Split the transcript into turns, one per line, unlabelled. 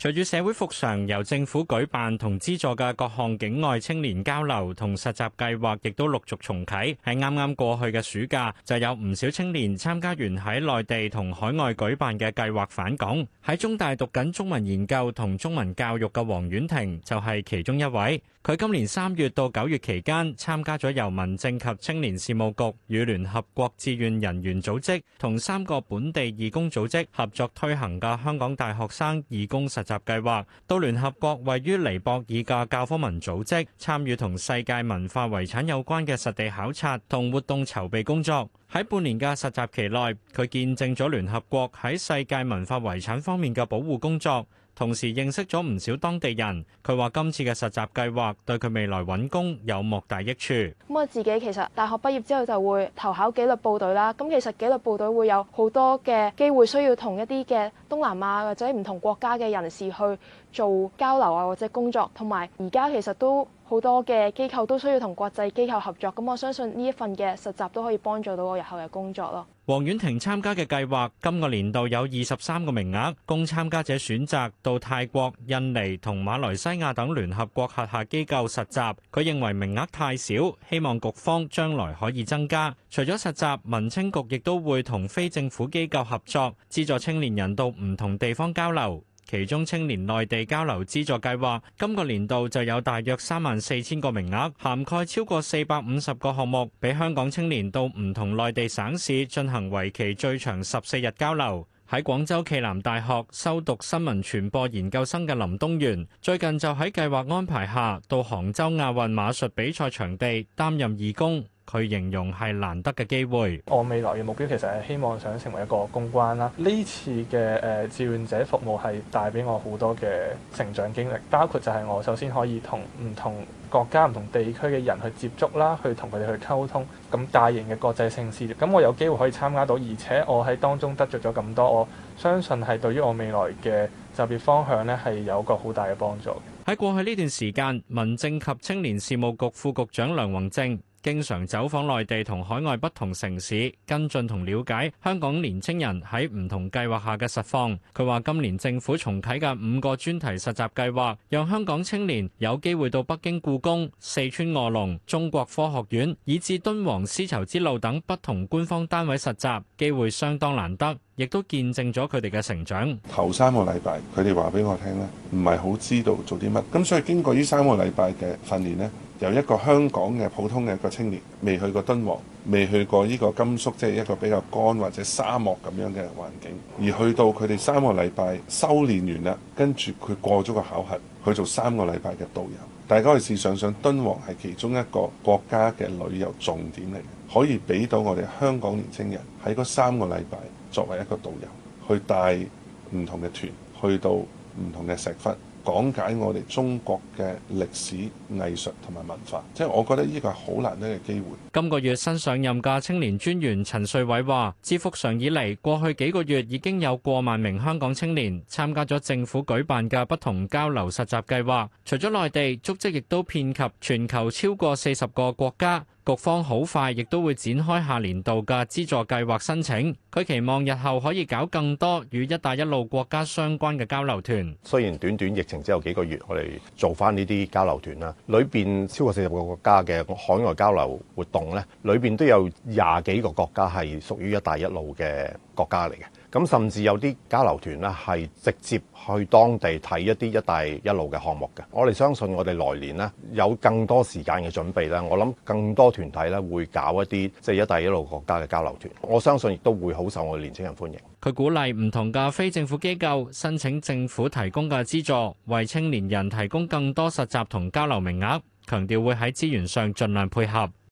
隨住社會復常，由政府舉辦同資助嘅各項境外青年交流同實習計劃亦都陸續重啟。喺啱啱過去嘅暑假，就有唔少青年參加完喺內地同海外舉辦嘅計劃返港。喺中大讀緊中文研究同中文教育嘅黃婉婷就係其中一位。佢今年三月到九月期間參加咗由民政及青年事務局與聯合國志願人員組織同三個本地義工組織合作推行嘅香港大學生義工實習。計劃到聯合國位於尼泊爾嘅教科文組織，參與同世界文化遺產有關嘅實地考察同活動籌備工作。喺半年嘅實習期內，佢見證咗聯合國喺世界文化遺產方面嘅保護工作。同時認識咗唔少當地人，佢話今次嘅實習計劃對佢未來揾工有莫大益處。咁我自己其實大學畢業之後就會投考紀律部隊啦，咁其實紀律部隊會有好多嘅機會需要同一啲嘅東南亞或者唔同國家嘅人士去做交流呀，或者工作，同埋而家其實都，好多嘅機構都需要同國際機構合作，咁我相信呢一份嘅實習都可以幫助到我日後嘅工作咯。黃婉婷參加嘅計劃今個年度有二十三個名額，供參加者選擇到泰國、印尼同馬來西亞等聯合國轄下機構實習。佢認為名額太少，希望局方將來可以增加。除咗實習，民青局亦都會同非政府機構合作，資助青年人到唔同地方交流。其中青年內地交流資助計劃今個年度就有大約三萬四千個名額，涵蓋超過四百五十個項目，俾香港青年到唔同內地省市進行為期最長十四日交流。喺廣州暨南大學修讀新聞傳播研究生嘅林東元，最近就喺計劃安排下到杭州亞運馬術比賽場地擔任義工，去形容係難得嘅機會。
我未來嘅目標其實係希望想成為一個公關啦。呢次嘅誒志願者服務係帶俾我好多嘅成長經歷，包括就係我首先可以同唔同國家、唔同地區嘅人去接觸啦，去同佢哋去溝通。咁大型嘅國際性盛事，咁我有機會可以參加到，而且我喺當中得着咗咁多，我相信係對於我未來嘅就業方向呢，係有個好大嘅幫助。
喺過去呢段時間，民政及青年事務局副局長梁宏正，經常走訪內地同海外不同城市，跟進同了解香港年青人喺唔同計劃下嘅實況。佢話：今年政府重啟嘅五個專題實習計劃，讓香港青年有機會到北京故宮、四川臥龍、中國科學院以至敦煌絲綢之路等不同官方單位實習，機會相當難得。亦都見證咗佢哋嘅成長。
頭三個禮拜，佢哋話俾我聽咧，唔係好知道做啲乜。咁所以經過呢三個禮拜嘅訓練呢，由一個香港嘅普通嘅一個青年，未去過敦煌，未去過呢個甘肅，即係一個比較乾或者沙漠咁樣嘅環境，而去到佢哋三個禮拜修練完啦，跟住佢過咗個考核去做三個禮拜嘅導遊。大家可以試想想，敦煌係其中一個國家嘅旅遊重點嚟嘅，可以俾到我哋香港年青人喺嗰三個禮拜。作為一個導遊去帶唔同嘅團去到唔同嘅石窟，講解我哋中國嘅歷史、藝術同埋文化，即係我覺得呢個係好難得嘅機會。
今個月新上任嘅青年專員陳瑞緯話自復常以嚟，過去幾個月已經有過萬名香港青年參加咗政府舉辦嘅不同交流實習計劃，除咗內地，足跡亦都遍及全球超過四十個國家。局方好快，亦都會展開下年度嘅資助計劃申請。佢期望日後可以搞更多與一帶一路國家相關嘅交流團。雖然短短疫情之後幾個月，我哋做翻呢啲交流團啦，裏邊超過四十個國家嘅海外交流活動咧，裏邊都有廿幾個國家係屬於一帶一路嘅國家嚟嘅。咁甚至有啲交流團呢，係直接去當地睇一啲一帶一路嘅項目嘅。我哋相信我哋來年呢，有更多時間嘅準備啦。我諗更多團體呢，會搞一啲即係一帶一路國家嘅交流團，我相信亦都會好受我哋年輕人歡迎。佢鼓勵唔同嘅非政府機構申請政府提供嘅資助，為青年人提供更多實習同交流名額，強調會喺資源上盡量配合。